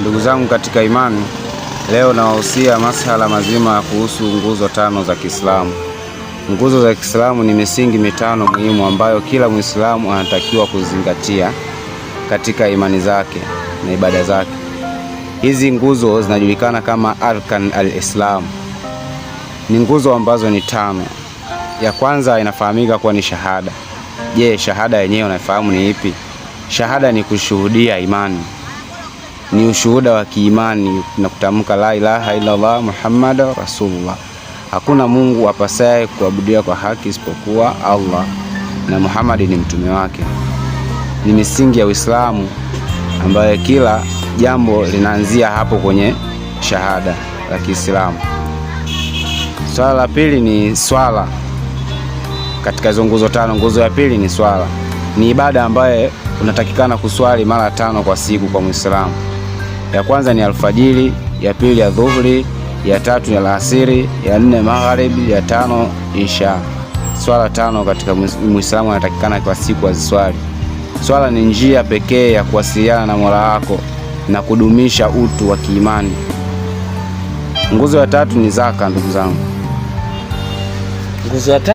Ndugu zangu katika imani, leo nawahusia masala mazima kuhusu nguzo tano za Kiislamu. Nguzo za Kiislamu ni misingi mitano muhimu ambayo kila Mwislamu anatakiwa kuzingatia katika imani zake na ibada zake. Hizi nguzo zinajulikana kama arkan al-Islam. Ni nguzo ambazo ni tano. Ya kwanza inafahamika kuwa ni shahada. Je, shahada yenyewe unaifahamu ni ipi? Shahada ni kushuhudia imani ni ushuhuda wa kiimani na kutamka la ilaha illallah Muhammad rasulullah, hakuna Mungu apasaye kuabudiwa kwa haki isipokuwa Allah na Muhammad ni mtume wake. Ni misingi ya Uislamu ambayo kila jambo linaanzia hapo kwenye shahada la Kiislamu. Swala la pili ni swala. Katika hizo nguzo tano, nguzo ya pili ni swala. Ni ibada ambayo unatakikana kuswali mara tano kwa siku kwa Muislamu ya kwanza ni alfajiri, ya pili ya dhuhuri, ya tatu ni alasiri, ya nne magharibi, ya tano isha. Swala tano katika Muislamu anatakikana kwa siku aziswali. Swala ni njia pekee ya kuwasiliana na Mola wako na kudumisha utu wa kiimani. Nguzo ya tatu ni zaka, ndugu zangu.